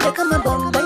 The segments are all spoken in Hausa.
baby, come and bum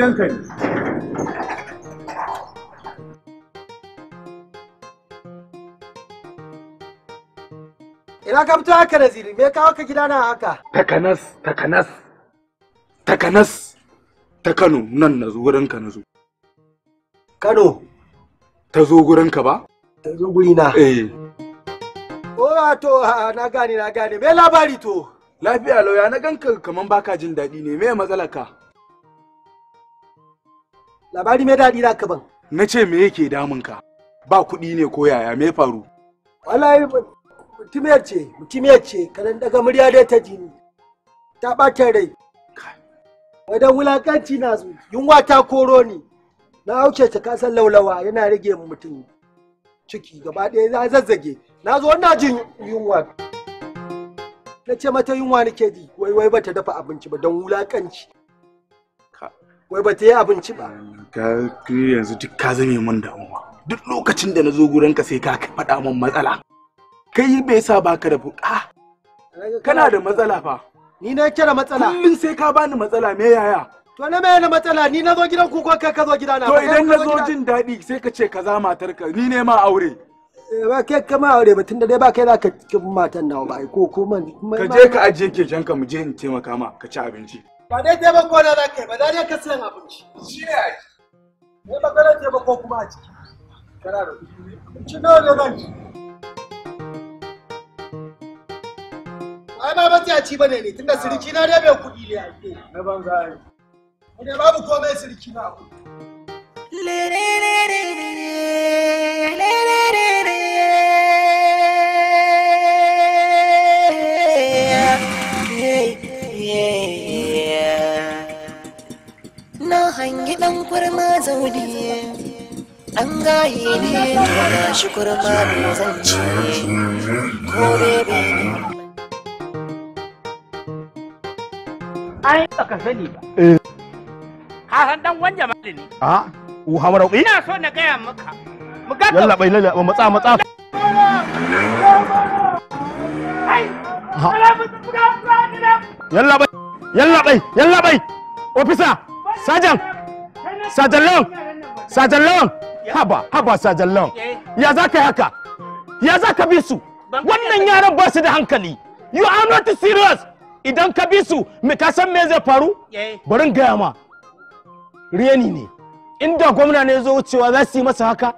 gidanka ne ina ka fito haka da ziri, me kawo ka gidana haka takanas takanas takanas ta kano nan na zo wurinka na zo kano ta zo wurinka ba ta zo gurina eh Owa to na gane na gane me labari to lafiya lauya na ganka kaman baka jin daɗi ne me matsalar ka labari mai daɗi da ka ban na ce me yake damun ka ba kuɗi ne ko yaya me faru wallahi mutumiyar ce mutumiyar ce kadan daga murya dai ta jini ta ɓata rai wadan wulakanci na zo yunwa ta koro ni na auce ta kasan laulawa yana rage mutum ciki gaba ɗaya na zazzage na zo ina jin yunwa na ce mata yunwa nake ji wai wai bata dafa abinci ba don wulakanci wai ba ta yi abinci ba ka yanzu duk ka zame min damuwa duk lokacin da na zo gurin ka sai ka faɗa min matsala kai bai sa baka da buƙa kana da matsala fa ni na kira matsala kullum sai ka bani matsala me yaya to na me yana matsala ni na zo gidan ku ko kai ka zo gidana to idan na zo jin daɗi sai ka ce kaza matar ka ni ne ma aure eh, ba kai kama aure ba tunda dai ba kai zaka matan nawa ba ko ko man ka je ka ajiye kekenka mu je in taimaka ma ka ci abinci Ba dai taimako na za ka yi ba, dai ka siyan abinci. Shi ne ai. Ne maganar taimako kuma a ciki. Kana da Abinci nawa ne zan ci. Ai ma matsiyaci ba ne ne, tunda siriki na dai bai kuɗi ne a ke. Na banza ai. ne babu komai siriki na kuɗi. kurma zaune an gaye ne na shi ne ai baka sani ba eh. ka san dan wanda mali ne a ah, u hamara ina so na gaya maka mu ga yalla bai lalla ba matsa matsa yalla bai yalla bai yalla bai officer sergeant sajallon sajallon haba haba sajallon ya za ka haka ya za ka bi su wannan yaran ba su da hankali you are not serious idan ka bi su me ka san me zai faru bari gaya ma reni ne inda gwamna ne zo wucewa za su yi masa haka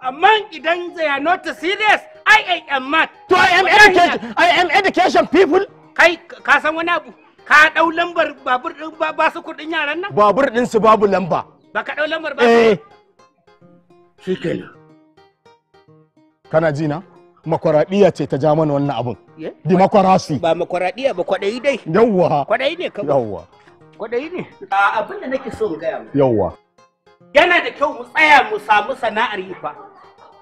amma idan they are not serious i am mad to i am education i am education people kai ka san wani abu ka dau lambar babur din ba su kudin yaran nan babur din su babu lamba ba ka dau lambar ba eh shikenan kana ji na makwaradiya ce ta ja mana wannan abun di makwarasi ba makwaradiya ba kwadai dai yawwa kwadai ne kawai yawwa kwadai ne a abin da nake so ga gaya yawwa yana da kyau mu tsaya mu samu sana'ar yi fa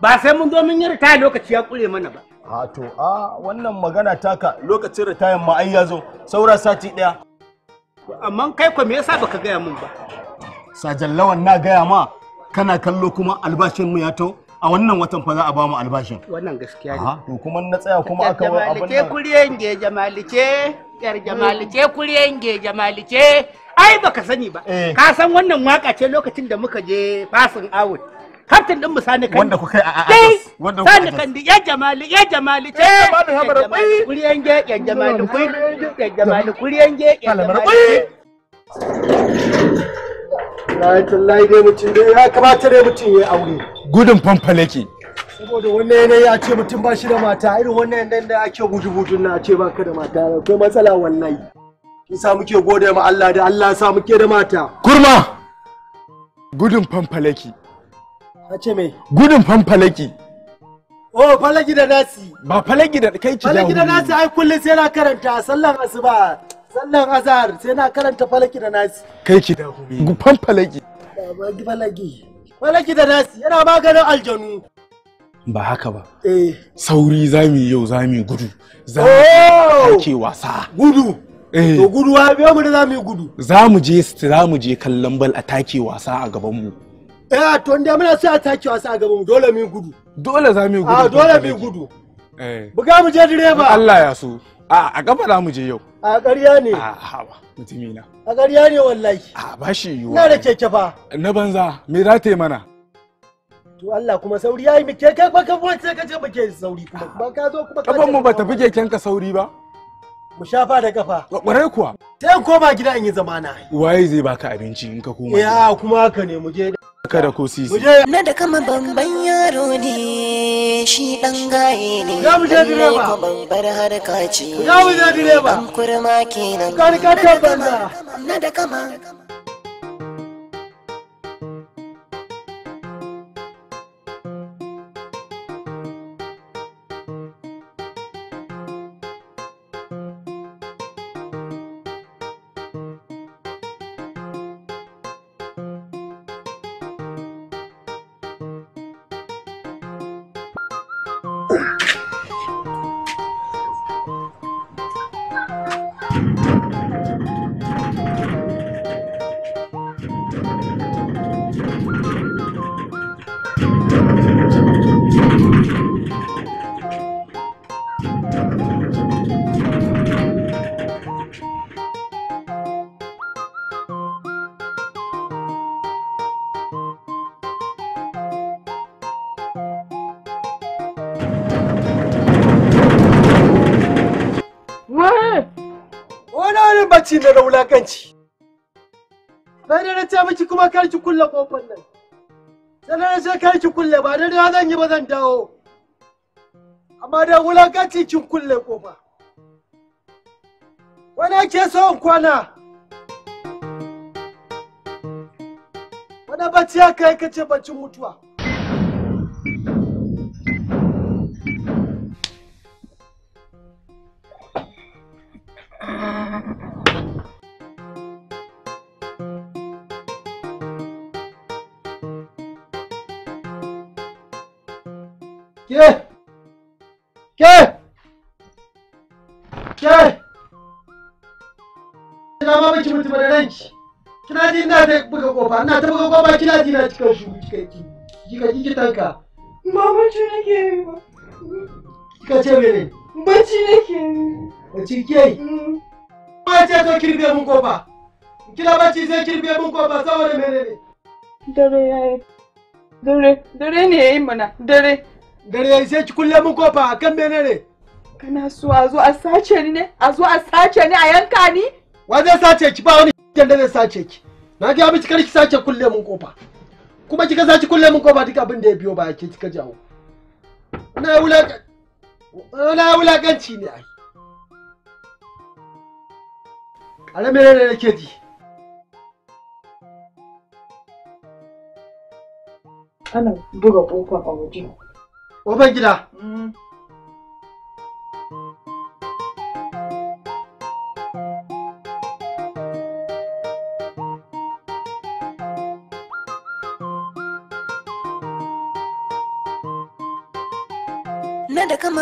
ba sai mun zo mun yi ritaya lokaci ya kure mana ba a to a wannan magana taka lokacin ritayan ma'ai ya zo saura sati daya amma kai ko me yasa baka gaya mun ba sajan lawan na gaya ma kana kallo kuma albashin mu ya to a wannan watan fa za a ba mu albashin wannan gaskiya ne to kuma na tsaya kuma aka wa abin nan kuryen ge jamalice yar jamalice kuryen ge jamalice ai baka sani ba eh. ka san wannan waka ce lokacin da muka je fasin out kaftin ɗin musani kan wanda kuka a a sani kan ya jamali ya jamali ce eh, jamali hamar kwai eh. kuriyan ge ya jamali kwai ya jamali eh. kuriyan ge ya jamali kwai lai dai mutum dai ya kamata dai mutum ya aure gudun fanfaleki saboda wannan yanayi a ce mutum ba shi da mata irin wannan yanayi da ake buju-bujun na a ce ba ka da mata akwai matsala wallahi sa muke gode ma Allah da Allah sa muke da mata kurma gudun fanfaleki me gudun fanfalaki Oh, falaki da nasi. Ba falaki da kai ci Falaki da nasi ai kullum sai na karanta sallan asuba, sallan azhar sai na karanta falaki da nasi. Kai ci da humi. Gufan falaki. Falaki. Falaki da nasi yana maganin aljanu. Ba haka ba. Eh. Sauri zamu yau zamu gudu. mu ke oh! wasa. Gudu. Eh. To gudu wa biyo mu da zamu gudu. Zamu je mu je kallon bal a take wasa a gaban mu. eh to inda muna sai a take wasu a gaban dole mu gudu dole za mu gudu a ah, dole mu gudu eh buga mu je direba Allah ya so a a gaba za mu je yau a ƙarya ne a ah, hawa, mutumi na a ƙarya ne wallahi a ah, ba shi yiwu na da keke fa na banza me za ta yi mana to Allah kuma sauri yayi mu keke ba ka buwa sai ka je muke sauri kuma ba ka zo kuma ka kafan mu ba ta fi keken ka sauri ba mu shafa da kafa ƙwarai kuwa sai koma gida in yi zamana waye zai baka abinci in ka koma ya kuma haka ne mu je kada ko sisi na da kama bamban yaro ne shi dan gaye ne ya mu je direba ko babbar har kaci ya mu je direba an kurma kenan karkatar banza na da kama Thank you. wulakanci. Sai da na ce miki kuma kar ki kulle kofar nan. Sannan na ce kar ki kulle ba da zan yi ba zan dawo. Amma da wulakanci kin kulle kofa. Wani ake so in kwana. Wani bacci ya kai kace baccin mutuwa. ci mutum da ranci kina ji ina ta buga kofa ina ta buga kofa kina ji na cikin shi kika ki kika ki kitanka mama ce nake yi ba kika ce mene bacci nake yi bacci ke yi mm. ba ce to kirbe mun kofa kina bacci sai kirbe mun kofa saboda mene ne dare yayi dare dare ne yayi mana dare dare yayi sai ki kulle mun kofa kan mene ne kana so a zo a sace ni ne a zo a sace ni a yanka ni wa zai sace ki ba wani da zai sace ki na ga miki kar ki sace kulle mun kofa kuma kika sace kulle mun kofa duk abin da ya biyo ba ke kika jawo na wulaka na wulakanci ne ai ana rana ne nake ji ana buga kofa a waje Oban gida. Mm.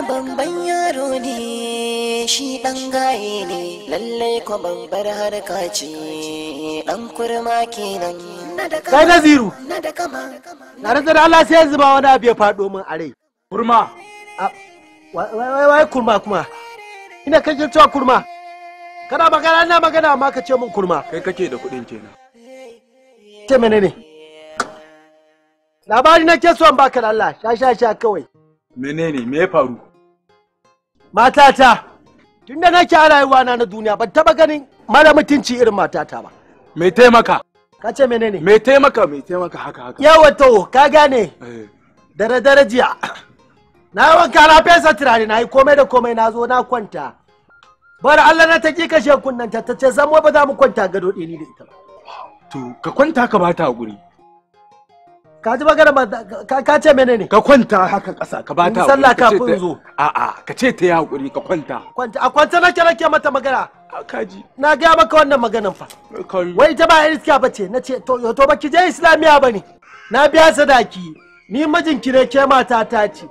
babban yaro ne shi ɗan gaye ne lallai ko babbar harka ce ɗan kurma kenan kai na ziru na kama Allah sai zuba wani abu ya faɗo min a rai kurma wai wai kurma kuma ina kake cewa kurma kana magana na magana amma ka ce min kurma kai kake da kuɗin kenan ce mene ne. labari na ke son baka Allah sha sha sha kawai menene me ya faru matata tunda nake a rayuwa na na duniya ban taba ganin mara mutunci irin matata ba me taimaka ka ce menene me taimaka me taimaka haka haka yawa to ka gane eh. dare dare jiya na wanka na fesa turare na yi komai da komai na zo na kwanta bar Allah na ta ki kashe kunnan ta ta ce zamo ba za mu kwanta gado ɗini da ita ba to ka kwanta ka bata a guri ka ji magana ba ka ce menene ka kwanta haka ƙasa ka ba ta sallah kafin zo a ka ce ta yi hakuri ka kwanta kwanta a kwanta nake nake mata magana kaji na ga maka wannan maganan fa wai ta ba iska ce na ce to to baki je islamiya ne. na biya sadaki ni ki ne ke mata ta ce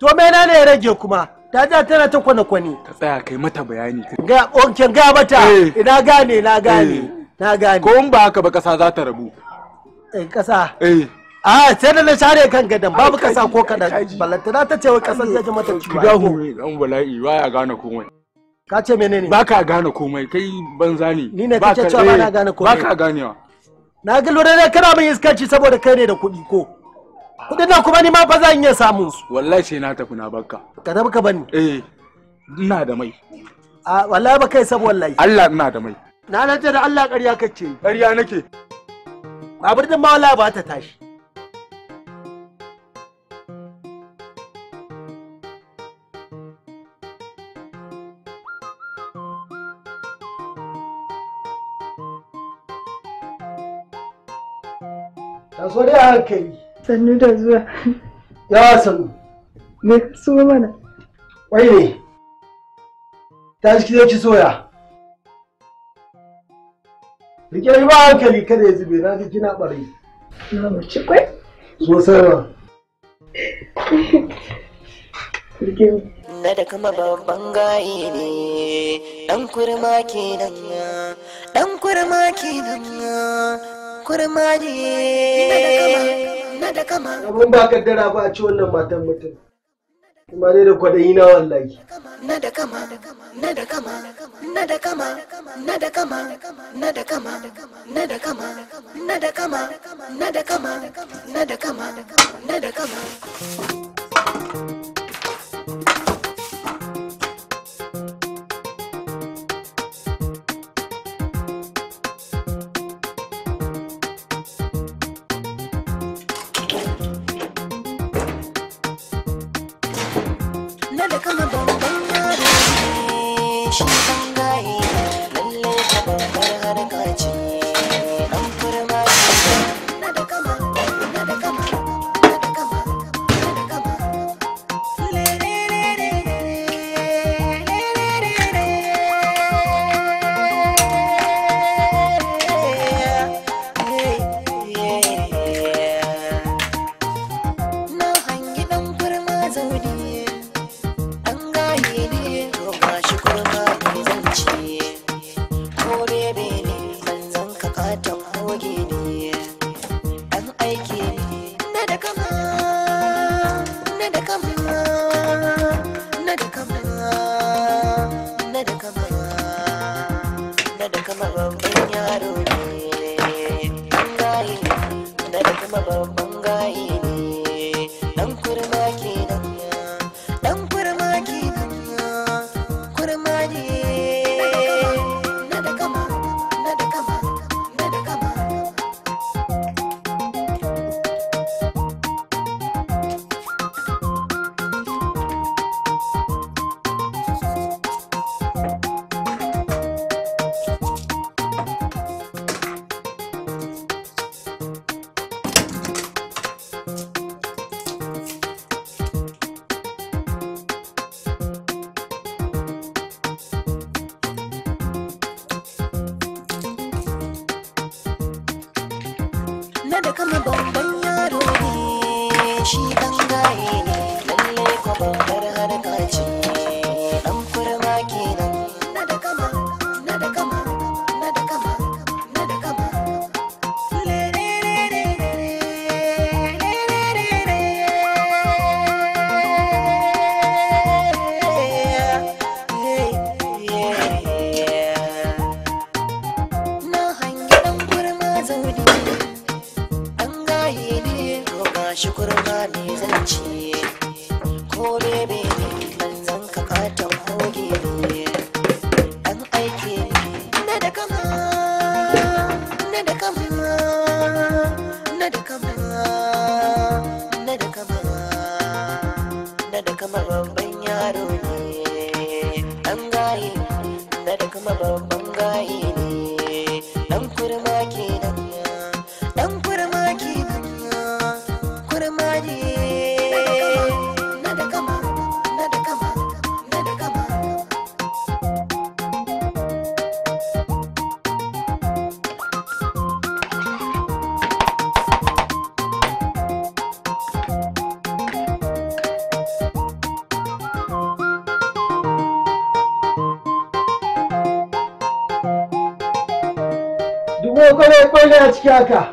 to me na ne rage kuma ta ja tana ta kwana kwani. ka tsaya kai mata bayani ga onken oh, ga mata eh. ina gane na gane eh. na gane ko in ba haka ba kasa za ta rabu eh kasa eh a ah, sai da na share kan gadon babu kasa ko kadan ballantana ta ce wai kasan zai mata ciwo ki dahu dan bala'i baya gane komai ka ce menene baka gane komai kai banza ne ni ne kake cewa bana eh, gane komai baka ganewa na ga lura ne kana min iskanci saboda kai ne da kuɗi ko kuɗin nan kuma ni ma ba zan iya samun su wallahi sai na tafi na baka. ka tafi ka bani eh ina da mai a ah, wallahi ba kai sabo wallahi Allah ina da mai na rantsa da Allah ƙarya kake ƙarya nake babur din ma wallahi ba ta tashi zo dai hankali sannu da zuwa ya sannu me ka so mana wai ne ta shi zai ci soya rike ba hankali kada ya zube na ji kina bari na mace kwai sosai ma na da kama babban ne kurma kenan dan kurma kurma ne na da kama abin ba ba a ci wannan matan mutum kuma da kwaɗayi na wallahi na da kama na da kama na da kama na da kama na da kama na da kama na da kama na da kama na da kama na da kama babban yaro ne gayi da kuma babban Ko kwarai kwarai a ciki haka.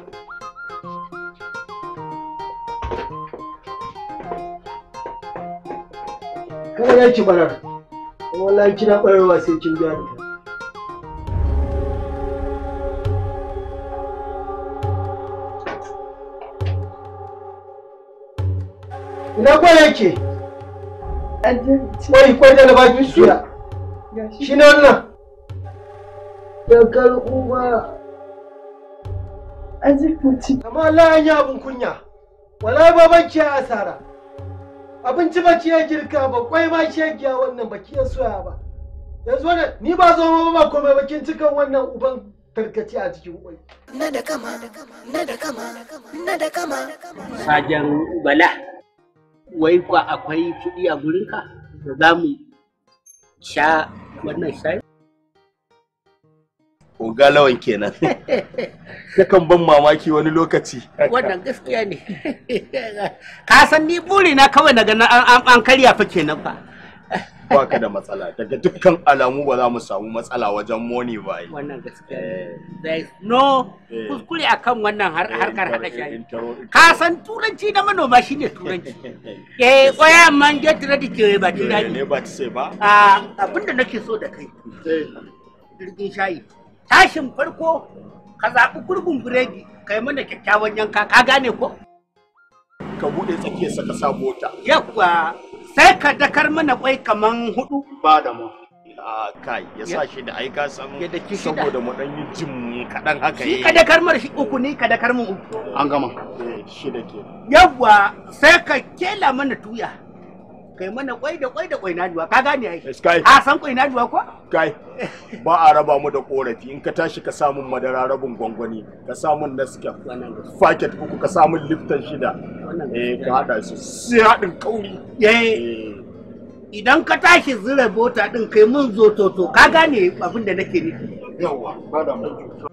Kada ya ci barar. Wallahi kina bararwa sai kin biya da Ina kwa yake? Kwai da suya. Shi ne wannan. Da azifuci Amma Allah ya yi abin kunya wallahi baban ki asara abinci ba ki girka ba kwai ma ki giya wannan ba ki soya ba yanzu wannan ni ba zo ba komai ba kin cikan wannan uban tarkace a cikin kwai na da kama na da kama na da kama sajan bala wai kwa akwai kuɗi a gurinka da za mu sha wannan shayi oga lawan kenan yakan ban mamaki wani lokaci wannan gaskiya ne ka san ni buri na kawai daga an karya fa kenan fa ba ka da matsala daga dukkan alamu ba za mu samu matsala wajen moni ba yi wannan gaskiya eh. no eh. kuskure a kan wannan harkar hada shayi eh, ka san turanci da manoma shi ne turanci eh koya man get ready ke ba turanci ne ba ta sai ba ah, abinda nake so da kai jirgin shayi tashin farko ka zaɓi gurbin biredi ka yi mana kyakkyawan yanka ka gane ko? ka buɗe tsakiyar sa ka sa mota yawa sai ka dakar mana kwai kaman hudu ba da mu a kai ya sa shi da ai ka san saboda mu dan yi jin kaɗan haka Shi ka dakar mana shi uku ne ka dakar mu uku an gama eh da ke yawa sai ka kela mana tuya kai mana kwai da kwai da kwai na duwa, ka gane ai a san kwai na duwa ko kai ba a raba mu da korafi in ka tashi ka samu madara rabin gwangwani ka samu naskiya, faket uku ka samu liftan shida eh ka hada su sai hadin kauri eh, eh idan ka tashi zira bota din kai mun zo toto ka gane abin da nake nufi yawa ba da mu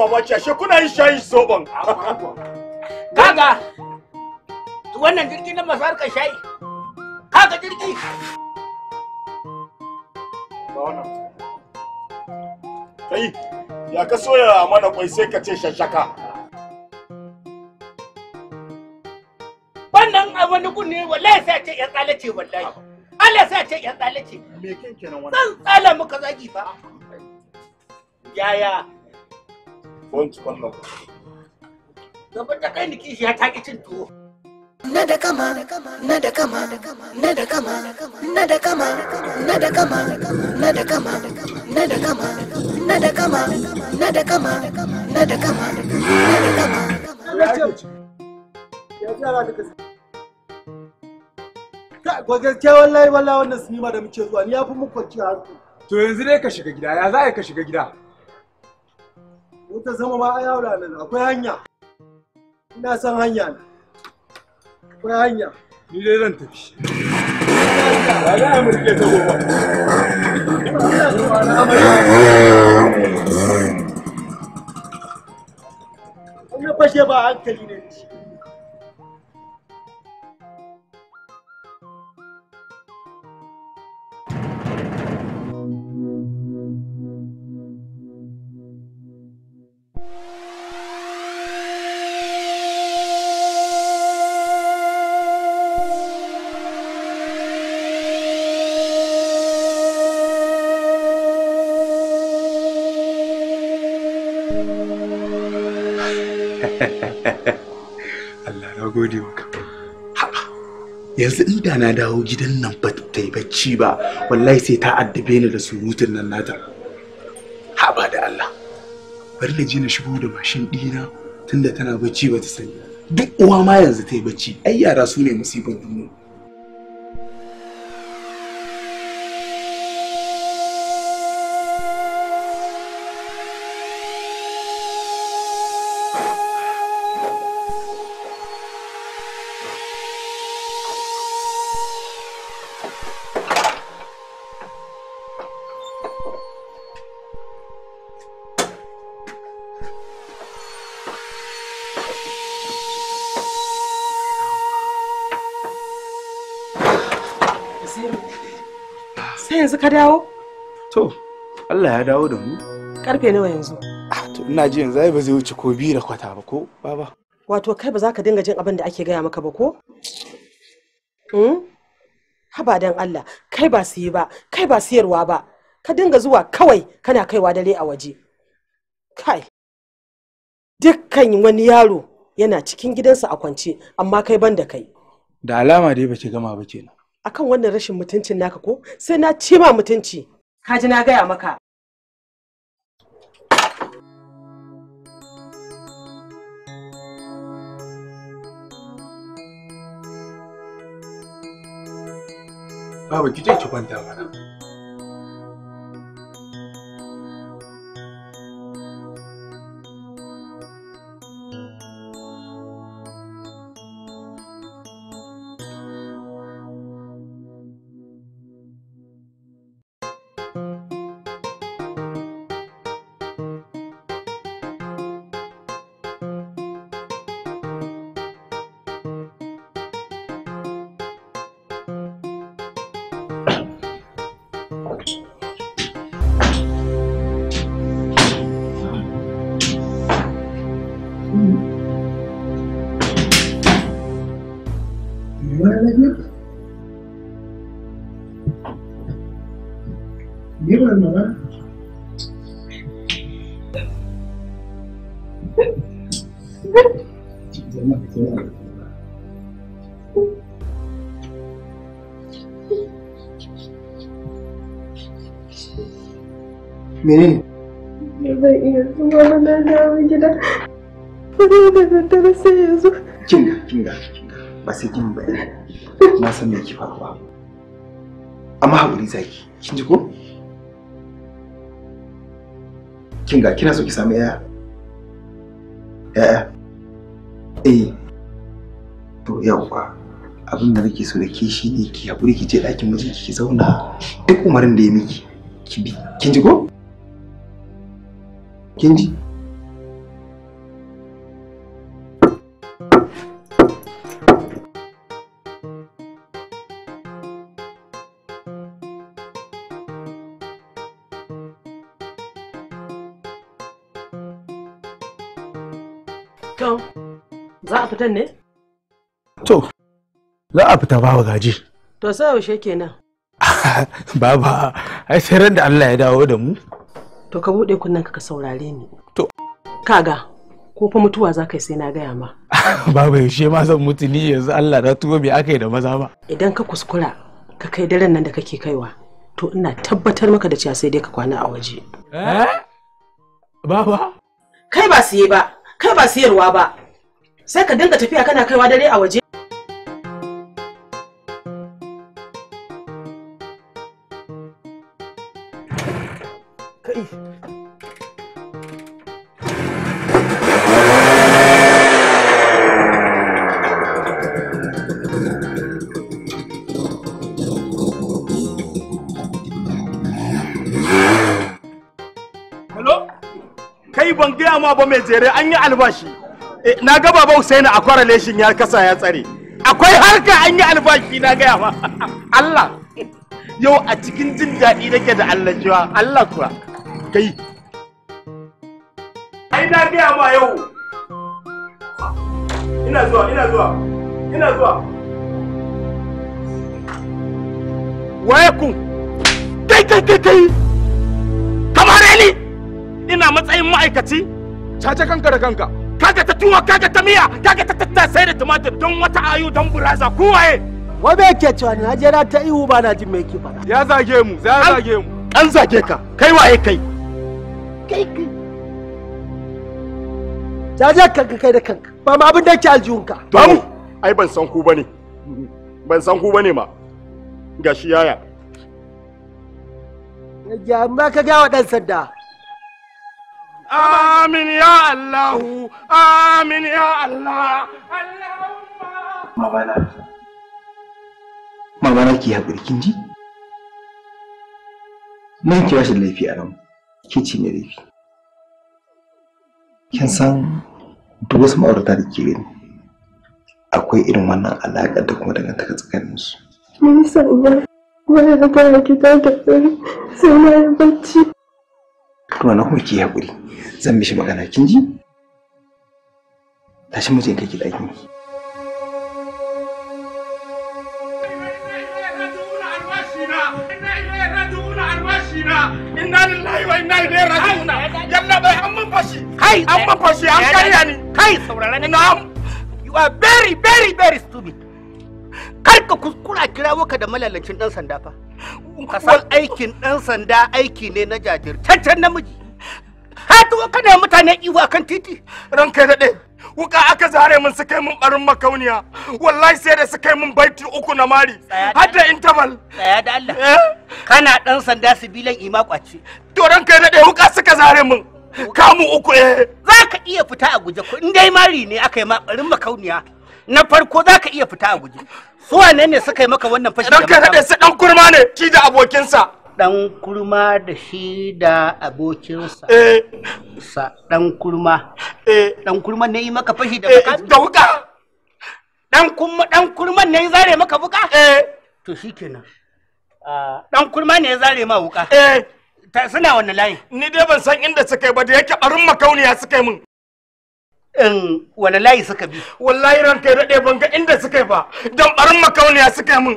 mamaki ashe kuna yin shayi soban kaga wannan jirgin nan masu harkar shayi kaga jirgi ba wannan kai ya ka soya mana kwai sai ka ce shashaka wannan a wani kunne wallahi sai ce yan tsalace wallahi Allah sai ce yan tsalace me kin kenan wannan zan tsala maka zagi fa yaya wanki wannan gaba da kai ya taƙi cin tuwo na da kama na da kama na da kama na da kama na da kama na da kama na da kama na da kama na da kama na da kama na da kama ya da kama, ko gaskiya wallahi wallahi wannan sinima da muke zuwa ni ya fi mu kwanciya to yanzu dai ka shiga gida ya za ka shiga gida Wuta sama ma ai haura nan akwai hanya. Ina san hanya na. Akwai hanya. Ni dai zan tafi. Ba za a murke ta gobe. Ina fashe ba hankali ne. yanzu inda na dawo gidan nan ba ta yi bacci ba wallahi sai ta addabe ni da surutun nan nata haba da Allah bari na je na shigo da mashin ɗina tunda tana bacci ba ta sani duk uwa ma yanzu ta yi bacci ai yara su ne musibin duniya ka dawo? To, Allah ya dawo da mu. Karfe nawa yanzu? Ah, to ina ji yanzu ai ba zai wuce ko biyu da kwata ba ko baba. Wato kai ba za ka dinga jin abin da ake gaya maka ba ko? Hmm? Haba dan Allah, kai ba su yi ba, kai ba siyarwa ba. Ka dinga zuwa kawai kana kaiwa dare a waje. Kai. Dukkan wani yaro yana cikin gidansa a kwance, amma kai ban da kai. Da alama dai baki gama ba kenan. akan wannan rashin mutuncin naka ko sai na ce ma mutunci kaji na gaya maka Baba ki je ki kwanta mana. Niemand mehr. Menene? zan iya zuwa ba na dawo gida. Ba da daddare sai ya zo. Kinga, kinga, kinga. Ba sai kin bayani. Na san me ki faruwa. Amma haƙuri zaki. Kin ji ko? kin ga kina so ki samu yaya yaya eh to yawwa abin da nake so da ke shi ne ki haƙuri ki je ɗakin miji ki zauna duk umarin da ya miki ki bi kin ji ko kin ji To, za a fitan ne? To, za a fita bawa gaji. To sai yaushe kenan. Baba, ai sai ran da Allah ya dawo da mu. To ka buɗe kunnen ka saurare ni. To. Kaga, ko fa mutuwa za ka yi sai na gaya ma. Baba yaushe ma zan mutu ni yanzu Allah na tuwo bai aka yi da maza ba. Idan ka kuskura ka kai daren nan da kake kaiwa, to ina tabbatar maka da cewa sai dai ka kwana a waje. Eh? Baba? Kai ba su yi ba. kai ba siyarwa ba sai ka dinga tafiya kana kaiwa dare a waje kama ba mai jere an yi albashi eh, na ga baba Usaini a correlation ya kasa ya tsare akwai harka an yi albashi na gaya ma Allah yau a cikin jin daɗi nake da Allah jiwa Allah kuwa kai ai na gaya ma yau ina zuwa ina zuwa ina zuwa waye ku kai kai kai kai kamar ni ina matsayin ma'aikaci caca kanka da kanka kaga ta tuwa kaga ta miya kaga ta tattasai da tumatir don wata ayu don buraza waye wa me yake cewa ni hajera ta ihu ba na jin me yake faɗa ya zage mu ya zage mu an zage ka kai waye kai kai kai jaje kanka kai da kanka ba ma abin da yake aljihunka ba mu ai ban san ku bane ban san ku bane ma gashi yaya ya ma ka ga wa dan sanda آمين يا الله آمين يا الله اللهم مبارك مبارك يا بركين جي nan laifi a ranmu ki ci ne laifi kin san duk wasu ma'aurata da ke akwai irin wannan alaƙa da kuma dangantaka tsakanin su. Me yasa uba wani da kwanaki ta tafi sai na yi bacci. to wannan kuma ki haƙuri zan mishi magana kin ji tashi kake daki kai kai, kai, kai, inna kai, wa inna kai, kai, kai, kai, an kai, fashi kai an kai, fashi an kai, ni kai kai, kai, kai, kai, kai, kai, kai, kai, kai, kar ka kuskura kirawo ka da kai, ɗan sanda fa Kasar aikin dan sanda aiki ne na jajirtaccen namiji hatuwa kana mutane iwa kan titi ranka daɗe wuka aka zare min su kai mun barin makauniya wallahi sai da su kai mun baiti uku na mari har da interval tsaya da Allah eh? kana dan sanda sibilan ima kwace to ranka daɗe wuka suka zare min kamu uku eh za ka iya fita a guje ko in dai mari ne aka yi ma barin makauniya na farko za ka iya fita a guje su wane ne suka yi maka wannan fashi da kai haɗe su ɗan kurma ne shi da abokinsa ɗan kurma da shi da abokinsa eh sa ɗan kurma eh ɗan kurma ne yi maka fashi da eh, maka da wuka ɗan kurma ɗan kurma ne zare maka wuka eh to shikenan ah. ɗan kurma ne ya zare ma wuka eh suna wannan layi ni dai ban san inda suka yi ba da yake barin makauniya suka yi min in wani layi suka bi wallahi ran kai daɗe ban ga inda suka yi ba don ɓarin makauniya suka yi mun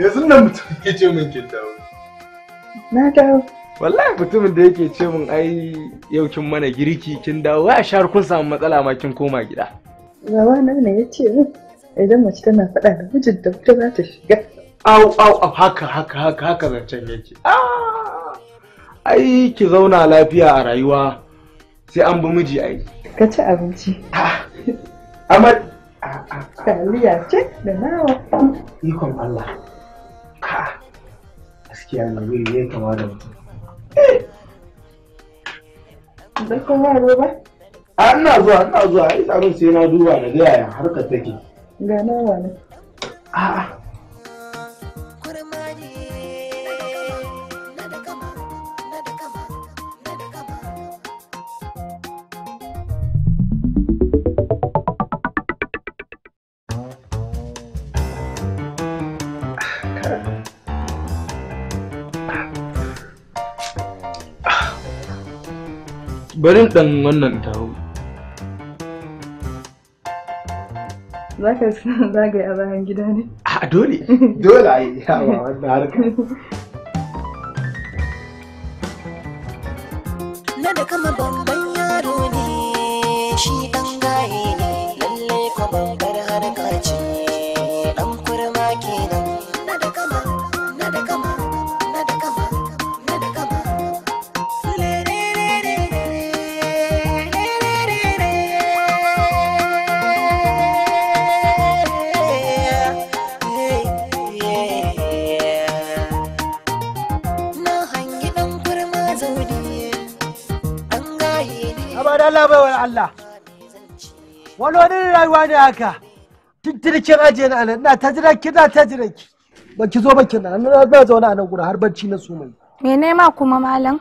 yanzu nan mutum ke ce min kin na dawo wallahi mutumin da yake ce min ai yau kin mana girki kin dawo a shar kun samu matsala ma kin koma gida gaba na ne ya ce min idan mace tana faɗa da mijinta wata za ta shiga au au au haka haka haka haka zancen yake ah, ai ki zauna lafiya a rayuwa sai an bi miji ai ka ci abinci ah. amma taliya ce da nawa ikon Allah ha gaskiya na wuri ne kama da mutum eh! bai kuma yaro ba a ina zuwa ina zuwa a isa sai na duba na ga yaya harkar take ga nawa ne a'a Barin ɗan wannan tawo. Za ka zagaya a bayan gida ne? A ah, dole, dole a yi yawa wannan harkar. rayuwa ne haka tuntunikin ajiye na anan na ta ki na ta ki ba ki zo ba ki na na zauna a nan gura har barci na su mai mene ma kuma malam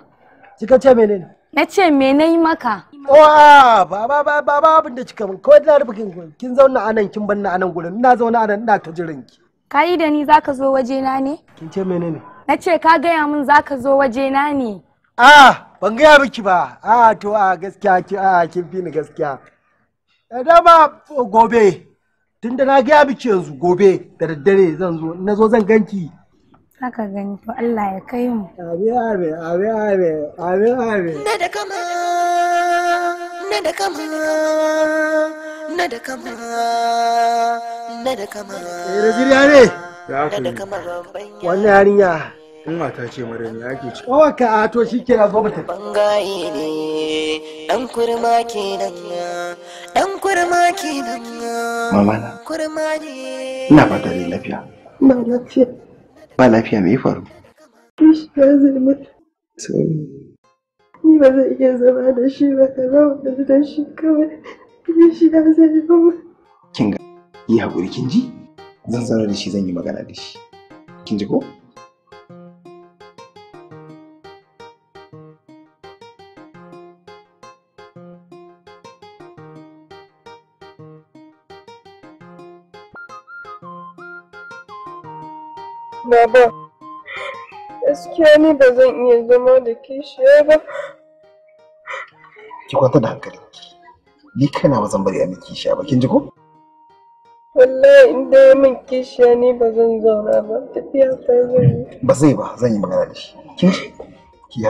kika ce mene na ce mene maka Owa ba ba ba ba ba abin da kika min kawai na rufe kin kin zauna nan kin ban na nan gurin ina zauna nan? ina ta jiran ki kai da ni zaka zo waje na ne kin ce menene na ce ka gaya min zaka zo waje na ne ah ban gaya miki ba a to a gaskiya ki a kin fi ni gaskiya Eh, dama oh, gobe tunda na gaya miki yanzu gobe da daddare zan zo na zo zan ganki haka gani to Allah ya kai mu abi abi abi abi abi abi na da kama na da kama na da kama na da kama eh, ne wannan yarinya Kuma ta ce mara me ake ci. Oh ka a ah, to shike na zo mutum. Bangaye ne dan kurma ke kenan dan kurma kenan. Mama na. Kurma ne. Ina fata da lafiya. Ba lafiya. Ba lafiya me faru? Kishi ya zai mutu. Ni ba zai iya zama da shi ba ka zama da shi kawai. Kishi ya zai mutu. Kin ga yi haƙuri kin ji? Zan zauna da shi zan yi magana da shi. Kin ji ko? Baba, gaskiya ni ba zan iya zama da kishiya ba. Ki kwanta da hankali. Ni kaina ba zan bari a min kishiya ba, kin ji ko? Wallahi in kishiya ni ba zan zauna ba, tafiya ta zan yi. Ba zai ba, zan yi magana da shi. Kin ji? Ki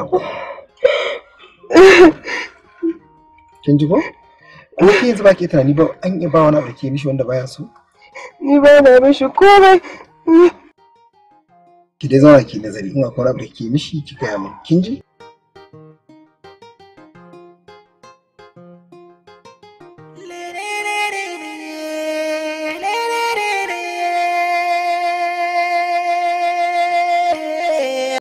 Kin ji ko? Kuma ki yanzu ba ke ba an iya ba wani abu ke mishi wanda baya so? Ni na mishi komai. ki dai zauna ki nazari in akwai da ke mishi ki gaya min kin ji